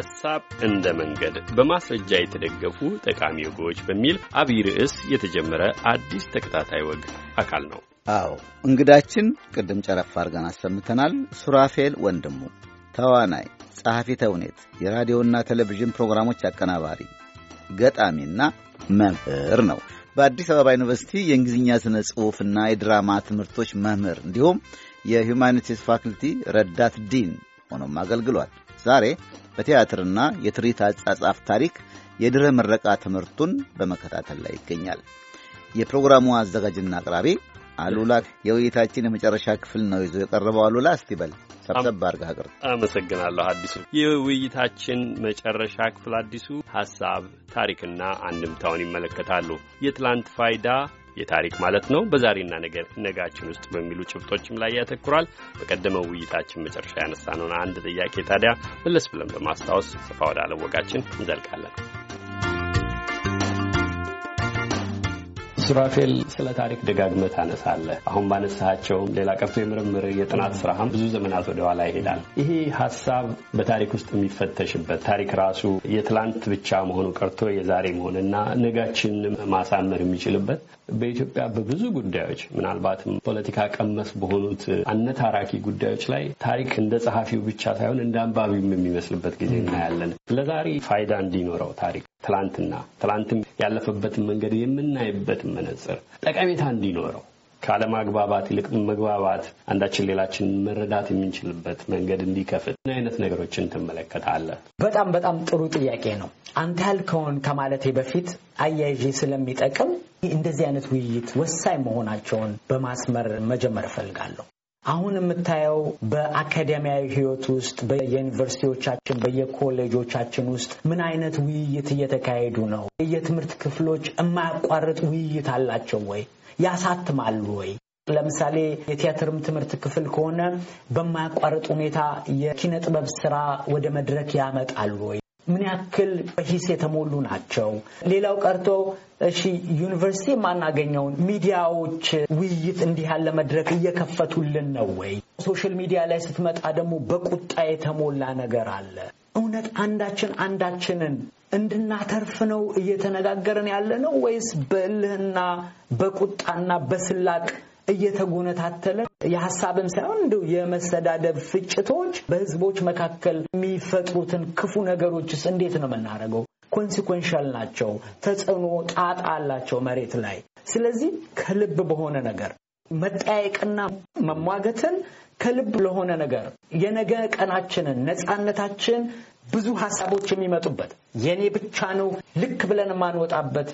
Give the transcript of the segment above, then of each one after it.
ሐሳብ እንደ መንገድ በማስረጃ የተደገፉ ጠቃሚ ወጎች በሚል አብይ ርዕስ የተጀመረ አዲስ ተከታታይ ወግ አካል ነው። አዎ እንግዳችን ቅድም ጨረፍ አድርገን አሰምተናል። ሱራፌል ወንድሙ ተዋናይ፣ ጸሐፊ ተውኔት፣ የራዲዮና ቴሌቪዥን ፕሮግራሞች አቀናባሪ፣ ገጣሚና መምህር ነው። በአዲስ አበባ ዩኒቨርሲቲ የእንግሊዝኛ ስነ ጽሑፍና የድራማ ትምህርቶች መምህር እንዲሁም የሁማኒቲስ ፋክልቲ ረዳት ዲን ሆኖም አገልግሏል። ዛሬ በቲያትርና የትርኢት አጻጻፍ ታሪክ የድኅረ ምረቃ ትምህርቱን በመከታተል ላይ ይገኛል። የፕሮግራሙ አዘጋጅና አቅራቢ አሉላ የውይይታችን የመጨረሻ ክፍል ነው ይዞ የቀረበው። አሉላ እስቲ በል ሰብሰብ አድርጋ አመሰግናለሁ። አዲሱ የውይይታችን መጨረሻ ክፍል አዲሱ ሀሳብ ታሪክና አንድምታውን ይመለከታሉ። የትላንት ፋይዳ የታሪክ ማለት ነው በዛሬና ነጋችን ውስጥ በሚሉ ጭብጦችም ላይ ያተኩራል። በቀደመው ውይይታችን መጨረሻ ያነሳነውን አንድ ጥያቄ ታዲያ መለስ ብለን በማስታወስ ሰፋ ወዳለ ወጋችን እንዘልቃለን። ሱራፌል ስለ ታሪክ ደጋግመህ ታነሳለህ። አሁን ባነሳቸውም ሌላ ቀርቶ የምርምር የጥናት ስራህም ብዙ ዘመናት ወደኋላ ይሄዳል። ይሄ ሀሳብ በታሪክ ውስጥ የሚፈተሽበት ታሪክ ራሱ የትላንት ብቻ መሆኑ ቀርቶ የዛሬ መሆንና ነጋችን ማሳመር የሚችልበት በኢትዮጵያ በብዙ ጉዳዮች ምናልባትም ፖለቲካ ቀመስ በሆኑት አነታራኪ ጉዳዮች ላይ ታሪክ እንደ ጸሐፊው ብቻ ሳይሆን እንደ አንባቢውም የሚመስልበት ጊዜ እናያለን። ለዛሬ ፋይዳ እንዲኖረው ታሪክ ትላንትና ትላንትም ያለፈበትን መንገድ የምናይበት መነጽር ጠቀሜታ እንዲኖረው ከአለማግባባት ይልቅ መግባባት፣ አንዳችን ሌላችን መረዳት የምንችልበት መንገድ እንዲከፍት ምን አይነት ነገሮችን ትመለከታለህ? በጣም በጣም ጥሩ ጥያቄ ነው። አንተ ያልከውን ከማለቴ በፊት አያይዤ ስለሚጠቅም እንደዚህ አይነት ውይይት ወሳኝ መሆናቸውን በማስመር መጀመር እፈልጋለሁ። አሁን የምታየው በአካዳሚያዊ ህይወት ውስጥ በየዩኒቨርሲቲዎቻችን በየኮሌጆቻችን ውስጥ ምን አይነት ውይይት እየተካሄዱ ነው? የትምህርት ክፍሎች የማያቋርጥ ውይይት አላቸው ወይ? ያሳትማሉ ወይ? ለምሳሌ የቲያትርም ትምህርት ክፍል ከሆነ በማያቋርጥ ሁኔታ የኪነ ጥበብ ስራ ወደ መድረክ ያመጣሉ ወይ? ምን ያክል በሂስ የተሞሉ ናቸው? ሌላው ቀርቶ እሺ ዩኒቨርሲቲ የማናገኘውን ሚዲያዎች ውይይት እንዲህ ያለ መድረክ እየከፈቱልን ነው ወይ? ሶሻል ሚዲያ ላይ ስትመጣ ደግሞ በቁጣ የተሞላ ነገር አለ። እውነት አንዳችን አንዳችንን እንድናተርፍ ነው እየተነጋገርን ያለ ነው ወይስ በእልህና በቁጣና በስላቅ እየተጎነታተለን የሀሳብም ሳይሆን እንዲሁ የመሰዳደብ ፍጭቶች በህዝቦች መካከል የሚፈጥሩትን ክፉ ነገሮችስ እንዴት ነው የምናደርገው? ኮንሲኮንሻል ናቸው። ተጽዕኖ ጣጣ አላቸው መሬት ላይ። ስለዚህ ከልብ በሆነ ነገር መጠያየቅና መሟገትን ከልብ ለሆነ ነገር የነገ ቀናችንን ነፃነታችን ብዙ ሀሳቦች የሚመጡበት የኔ ብቻ ነው ልክ ብለን የማንወጣበት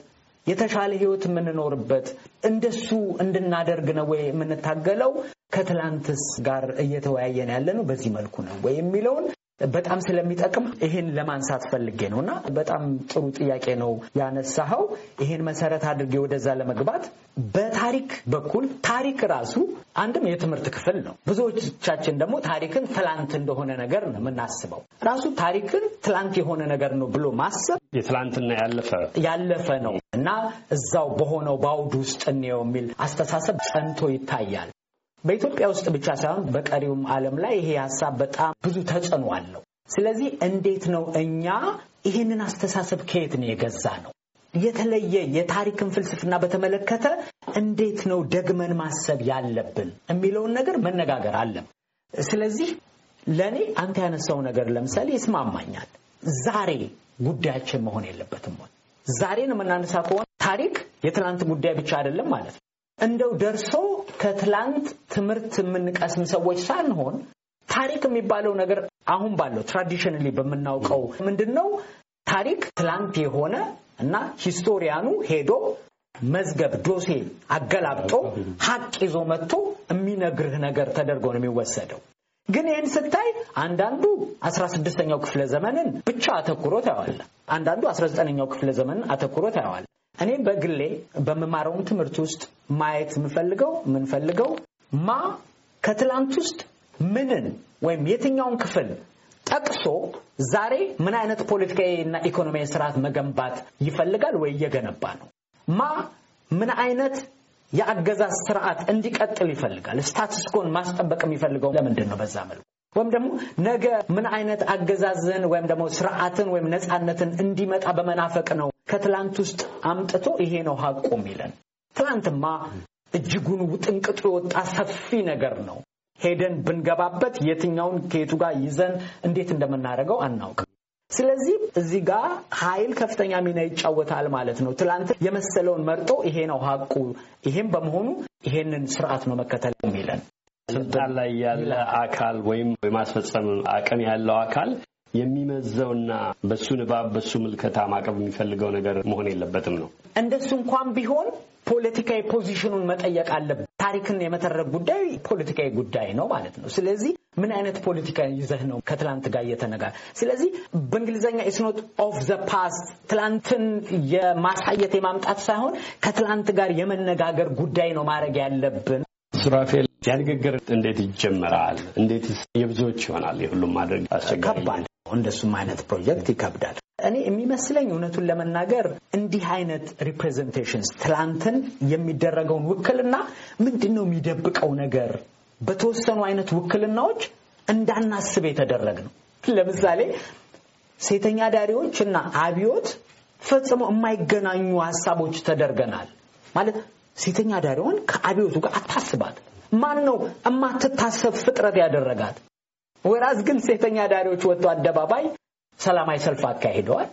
የተሻለ ህይወት የምንኖርበት እንደሱ እንድናደርግ ነው ወይ የምንታገለው? ከትላንትስ ጋር እየተወያየን ያለ ነው በዚህ መልኩ ነው ወይ የሚለውን በጣም ስለሚጠቅም ይህን ለማንሳት ፈልጌ ነው እና በጣም ጥሩ ጥያቄ ነው ያነሳኸው። ይህን መሰረት አድርጌ ወደዛ ለመግባት በታሪክ በኩል ታሪክ ራሱ አንድም የትምህርት ክፍል ነው። ብዙዎቻችን ደግሞ ታሪክን ትላንት እንደሆነ ነገር ነው የምናስበው። ራሱ ታሪክን ትላንት የሆነ ነገር ነው ብሎ ማሰብ የትላንትና ያለፈ ያለፈ ነው እና እዛው በሆነው በአውድ ውስጥ እንየው የሚል አስተሳሰብ ጸንቶ ይታያል። በኢትዮጵያ ውስጥ ብቻ ሳይሆን በቀሪውም ዓለም ላይ ይሄ ሀሳብ በጣም ብዙ ተጽዕኖ አለው። ስለዚህ እንዴት ነው እኛ ይህንን አስተሳሰብ ከየት ነው የገዛ ነው? የተለየ የታሪክን ፍልስፍና በተመለከተ እንዴት ነው ደግመን ማሰብ ያለብን የሚለውን ነገር መነጋገር አለም። ስለዚህ ለእኔ አንተ ያነሳው ነገር ለምሳሌ ይስማማኛል። ዛሬ ጉዳያችን መሆን የለበትም። ዛሬን የምናነሳ ከሆነ ታሪክ የትናንት ጉዳይ ብቻ አይደለም ማለት ነው። እንደው ደርሶ ከትላንት ትምህርት የምንቀስም ሰዎች ሳንሆን ታሪክ የሚባለው ነገር አሁን ባለው ትራዲሽናሊ በምናውቀው ምንድን ነው ታሪክ ትላንት የሆነ እና ሂስቶሪያኑ ሄዶ መዝገብ ዶሴ አገላብጦ ሀቅ ይዞ መጥቶ የሚነግርህ ነገር ተደርጎ ነው የሚወሰደው። ግን ይህን ስታይ አንዳንዱ 16ኛው ክፍለ ዘመንን ብቻ አተኩሮ ታየዋለህ። አንዳንዱ 19 ዘጠነኛው ክፍለ ዘመንን አተኩሮ ታየዋለህ። እኔ በግሌ በምማረውም ትምህርት ውስጥ ማየት የምፈልገው የምንፈልገው ማ ከትላንት ውስጥ ምንን ወይም የትኛውን ክፍል ጠቅሶ ዛሬ ምን አይነት እና ኢኮኖሚያዊ ስርዓት መገንባት ይፈልጋል ወይ እየገነባ ነው? ማ ምን አይነት የአገዛዝ ስርዓት እንዲቀጥል ይፈልጋል? ስታትስኮን ማስጠበቅ የሚፈልገው ለምንድን ነው? በዛ መልኩ ወይም ደግሞ ነገ ምን አይነት አገዛዝን ወይም ደግሞ ስርዓትን ወይም ነፃነትን እንዲመጣ በመናፈቅ ነው ከትላንት ውስጥ አምጥቶ ይሄ ነው ሀቁ የሚለን። ትላንትማ እጅጉን ውጥንቅጡ የወጣ ሰፊ ነገር ነው። ሄደን ብንገባበት የትኛውን ከየቱ ጋር ይዘን እንዴት እንደምናደርገው አናውቅም። ስለዚህ እዚህ ጋር ኃይል ከፍተኛ ሚና ይጫወታል ማለት ነው። ትላንት የመሰለውን መርጦ ይሄ ነው ሀቁ፣ ይሄም በመሆኑ ይሄንን ስርዓት ነው መከተል የሚለን ስልጣን ላይ ያለ አካል ወይም የማስፈጸም አቅም ያለው አካል የሚመዘውና በሱ ንባብ በሱ ምልከታ ማቀብ የሚፈልገው ነገር መሆን የለበትም ነው። እንደሱ እንኳን ቢሆን ፖለቲካዊ ፖዚሽኑን መጠየቅ አለብን። ታሪክን የመተረክ ጉዳይ ፖለቲካዊ ጉዳይ ነው ማለት ነው። ስለዚህ ምን አይነት ፖለቲካ ይዘህ ነው ከትላንት ጋር እየተነጋ ስለዚህ በእንግሊዝኛ ኢስኖት ኦፍ ዘ ፓስት ትላንትን የማሳየት የማምጣት ሳይሆን ከትላንት ጋር የመነጋገር ጉዳይ ነው ማድረግ ያለብን። ሱራፌል ያንግግር እንዴት ይጀመራል? እንዴት የብዙዎች ይሆናል? የሁሉም ማድረግ አስቸጋሪ እንደሱም አይነት ፕሮጀክት ይከብዳል። እኔ የሚመስለኝ እውነቱን ለመናገር እንዲህ አይነት ሪፕሬዘንቴሽንስ ትላንትን የሚደረገውን ውክልና ምንድን ነው የሚደብቀው ነገር በተወሰኑ አይነት ውክልናዎች እንዳናስብ የተደረግ ነው። ለምሳሌ ሴተኛ ዳሪዎች እና አብዮት ፈጽሞ የማይገናኙ ሀሳቦች ተደርገናል። ማለት ሴተኛ ዳሪውን ከአብዮቱ ጋር አታስባት። ማን ነው የማትታሰብ ፍጥረት ያደረጋት? ወራስ ግን ሴተኛ ዳሪዎች ወጥቶ አደባባይ ሰላማዊ ሰልፍ አካሂደዋል።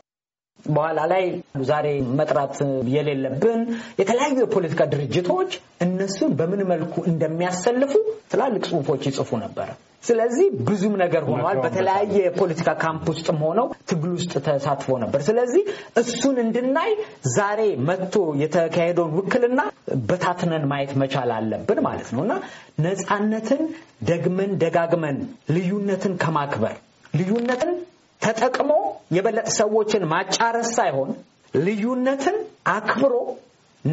በኋላ ላይ ዛሬ መጥራት የሌለብን የተለያዩ የፖለቲካ ድርጅቶች እነሱን በምን መልኩ እንደሚያሰልፉ ትላልቅ ጽሁፎች ይጽፉ ነበረ። ስለዚህ ብዙም ነገር ሆኗል። በተለያየ የፖለቲካ ካምፕ ውስጥም ሆነው ትግል ውስጥ ተሳትፎ ነበር። ስለዚህ እሱን እንድናይ ዛሬ መጥቶ የተካሄደውን ውክልና በታትነን ማየት መቻል አለብን ማለት ነው እና ነፃነትን ደግመን ደጋግመን ልዩነትን ከማክበር ልዩነትን ተጠቅሞ የበለጠ ሰዎችን ማጫረስ ሳይሆን ልዩነትን አክብሮ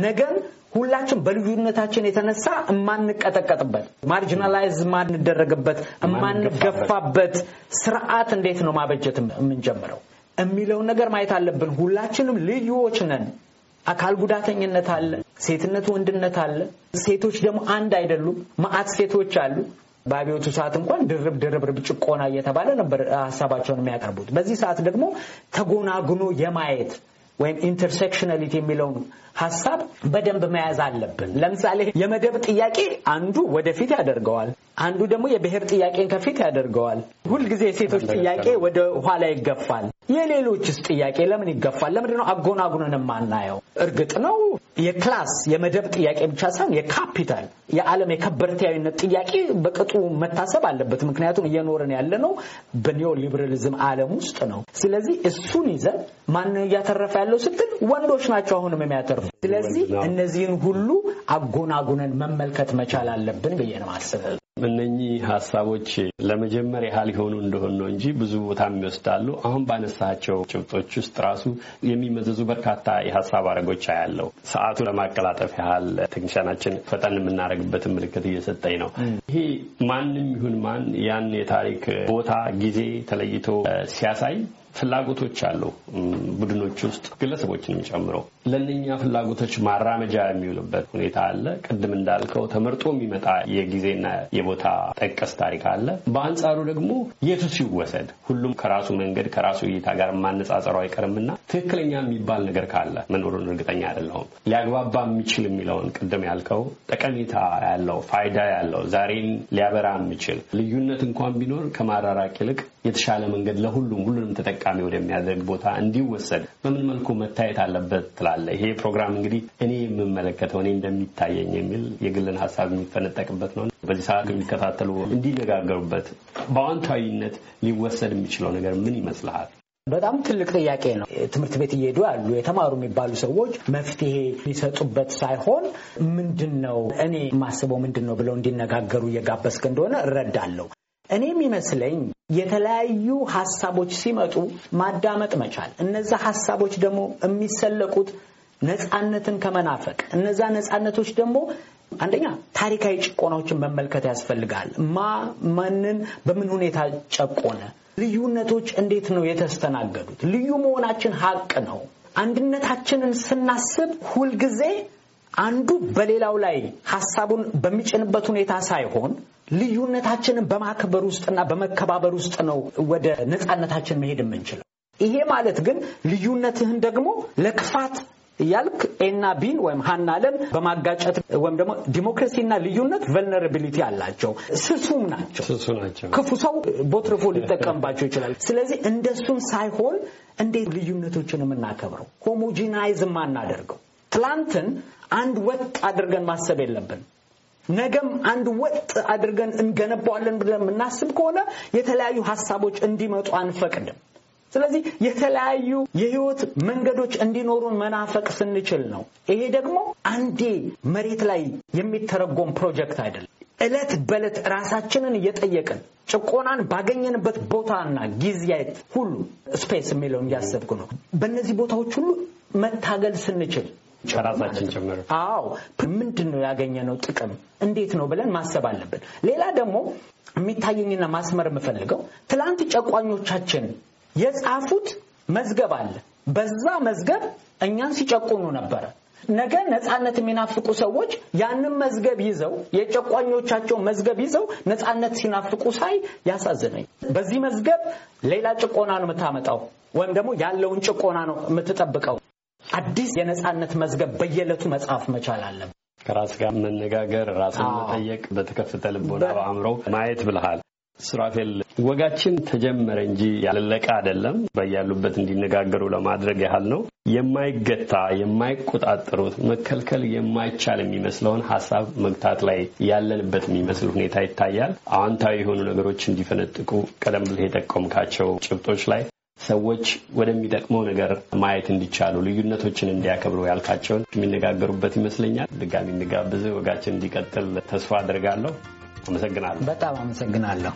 ነገን ሁላችን በልዩነታችን የተነሳ እማንቀጠቀጥበት ማርጂናላይዝ የማንደረግበት እማንገፋበት ስርዓት እንዴት ነው ማበጀት የምንጀምረው የሚለውን ነገር ማየት አለብን። ሁላችንም ልዩዎች ነን። አካል ጉዳተኝነት አለ፣ ሴትነት ወንድነት አለ። ሴቶች ደግሞ አንድ አይደሉም። መዓት ሴቶች አሉ፣ በአብዮቱ ሰዓት እንኳን ድርብ ድርብ ጭቆና እየተባለ ነበር ሀሳባቸውን የሚያቀርቡት። በዚህ ሰዓት ደግሞ ተጎናግኖ የማየት ወይም ኢንተርሴክሽናሊቲ የሚለውን ሀሳብ በደንብ መያዝ አለብን። ለምሳሌ የመደብ ጥያቄ አንዱ ወደፊት ያደርገዋል፣ አንዱ ደግሞ የብሔር ጥያቄን ከፊት ያደርገዋል። ሁልጊዜ የሴቶች ጥያቄ ወደ ኋላ ይገፋል። የሌሎችስ ጥያቄ ለምን ይገፋል? ለምንድን ነው አጎናጉነን የማናየው? እርግጥ ነው የክላስ የመደብ ጥያቄ ብቻ ሳይሆን የካፒታል የዓለም የከበርቴያዊነት ጥያቄ በቅጡ መታሰብ አለበት። ምክንያቱም እየኖርን ያለ ነው በኒዮ ሊበራሊዝም ዓለም ውስጥ ነው። ስለዚህ እሱን ይዘን ማን እያተረፈ ያለው ስትል ወንዶች ናቸው አሁንም የሚያተርፉ ስለዚህ እነዚህን ሁሉ አጎናጉነን መመልከት መቻል አለብን ብዬ ነው አስበው። እነኚህ ሀሳቦች ለመጀመር ያህል የሆኑ እንደሆን ነው እንጂ ብዙ ቦታ ይወስዳሉ። አሁን ባነሳቸው ጭብጦች ውስጥ ራሱ የሚመዘዙ በርካታ የሀሳብ አረጎች ያለው ሰዓቱ ለማቀላጠፍ ያህል ቴክኒሻናችን ፈጠን የምናደርግበትን ምልክት እየሰጠኝ ነው። ይሄ ማንም ይሁን ማን ያን የታሪክ ቦታ ጊዜ ተለይቶ ሲያሳይ ፍላጎቶች አሉ ቡድኖች ውስጥ ግለሰቦችንም ጨምሮ ለእነኛ ፍላጎቶች ማራመጃ የሚውልበት ሁኔታ አለ። ቅድም እንዳልከው ተመርጦ የሚመጣ የጊዜና የቦታ ጠቀስ ታሪክ አለ። በአንጻሩ ደግሞ የቱ ሲወሰድ ሁሉም ከራሱ መንገድ ከራሱ እይታ ጋር ማነጻጸሩ አይቀርምና ትክክለኛ የሚባል ነገር ካለ መኖሩን እርግጠኛ አይደለሁም። ሊያግባባ የሚችል የሚለውን ቅድም ያልከው ጠቀሜታ ያለው ፋይዳ ያለው ዛሬን ሊያበራ የሚችል ልዩነት እንኳን ቢኖር ከማራራቅ ይልቅ የተሻለ መንገድ ለሁሉም ሁሉንም ተጠቅ ተጠቃሚ ወደሚያደርግ ቦታ እንዲወሰድ በምን መልኩ መታየት አለበት ትላለ? ይሄ ፕሮግራም እንግዲህ እኔ የምመለከተው እኔ እንደሚታየኝ የሚል የግልን ሀሳብ የሚፈነጠቅበት ነው። በዚህ ሰዓት የሚከታተሉ እንዲነጋገሩበት በአዋንታዊነት ሊወሰድ የሚችለው ነገር ምን ይመስልሃል? በጣም ትልቅ ጥያቄ ነው። ትምህርት ቤት እየሄዱ ያሉ የተማሩ የሚባሉ ሰዎች መፍትሄ ሊሰጡበት ሳይሆን ምንድን ነው እኔ የማስበው ምንድን ነው ብለው እንዲነጋገሩ እየጋበስክ እንደሆነ እረዳለሁ። እኔ የሚመስለኝ የተለያዩ ሀሳቦች ሲመጡ ማዳመጥ መቻል፣ እነዛ ሀሳቦች ደግሞ የሚሰለቁት ነፃነትን ከመናፈቅ፣ እነዛ ነፃነቶች ደግሞ አንደኛ ታሪካዊ ጭቆናዎችን መመልከት ያስፈልጋል። ማ ማንን በምን ሁኔታ ጨቆነ? ልዩነቶች እንዴት ነው የተስተናገዱት? ልዩ መሆናችን ሀቅ ነው። አንድነታችንን ስናስብ ሁልጊዜ አንዱ በሌላው ላይ ሀሳቡን በሚጭንበት ሁኔታ ሳይሆን ልዩነታችንን በማክበር ውስጥና በመከባበር ውስጥ ነው ወደ ነፃነታችን መሄድ የምንችለው። ይሄ ማለት ግን ልዩነትህን ደግሞ ለክፋት እያልክ ኤና ቢን ወይም ሀና አለም በማጋጨት ወይም ደግሞ ዲሞክራሲና ልዩነት ቨልነራቢሊቲ አላቸው። ስሱም ናቸው ክፉ ሰው ቦትርፎ ሊጠቀምባቸው ይችላል። ስለዚህ እንደሱም ሳይሆን እንዴት ልዩነቶችን የምናከብረው ሆሞጂናይዝ ማናደርገው ትላንትን አንድ ወጥ አድርገን ማሰብ የለብን። ነገም አንድ ወጥ አድርገን እንገነባዋለን ብለን የምናስብ ከሆነ የተለያዩ ሀሳቦች እንዲመጡ አንፈቅድም። ስለዚህ የተለያዩ የህይወት መንገዶች እንዲኖሩን መናፈቅ ስንችል ነው። ይሄ ደግሞ አንዴ መሬት ላይ የሚተረጎም ፕሮጀክት አይደለም። እለት በእለት ራሳችንን እየጠየቅን ጭቆናን ባገኘንበት ቦታና ጊዜያት ሁሉ ስፔስ የሚለውን እያሰብኩ ነው። በእነዚህ ቦታዎች ሁሉ መታገል ስንችል ራሳችን ጭምር አዎ ምንድን ነው ያገኘነው ጥቅም እንዴት ነው ብለን ማሰብ አለብን ሌላ ደግሞ የሚታየኝና ማስመር የምፈልገው ትላንት ጨቋኞቻችን የጻፉት መዝገብ አለ በዛ መዝገብ እኛን ሲጨቁኑ ነበረ ነገ ነጻነት የሚናፍቁ ሰዎች ያንን መዝገብ ይዘው የጨቋኞቻቸውን መዝገብ ይዘው ነጻነት ሲናፍቁ ሳይ ያሳዝነኝ። በዚህ መዝገብ ሌላ ጭቆና ነው የምታመጣው፣ ወይም ደግሞ ያለውን ጭቆና ነው የምትጠብቀው። አዲስ የነጻነት መዝገብ በየዕለቱ መጽሐፍ መቻል አለብን። ከራስ ጋር መነጋገር፣ ራስን መጠየቅ፣ በተከፈተ ልቦና በአእምሮ ማየት ብልሃል። ሱራፌል ወጋችን ተጀመረ እንጂ ያለለቀ አይደለም። በያሉበት እንዲነጋገሩ ለማድረግ ያህል ነው። የማይገታ የማይቆጣጠሩት መከልከል የማይቻል የሚመስለውን ሀሳብ መግታት ላይ ያለንበት የሚመስል ሁኔታ ይታያል። አዎንታዊ የሆኑ ነገሮች እንዲፈነጥቁ ቀደም ብለህ የጠቆምካቸው ጭብጦች ላይ ሰዎች ወደሚጠቅመው ነገር ማየት እንዲቻሉ ልዩነቶችን እንዲያከብሩ ያልካቸውን የሚነጋገሩበት ይመስለኛል። ድጋሚ እንጋብዝ። ወጋችን እንዲቀጥል ተስፋ አድርጋለሁ። አመሰግናለሁ። በጣም አመሰግናለሁ።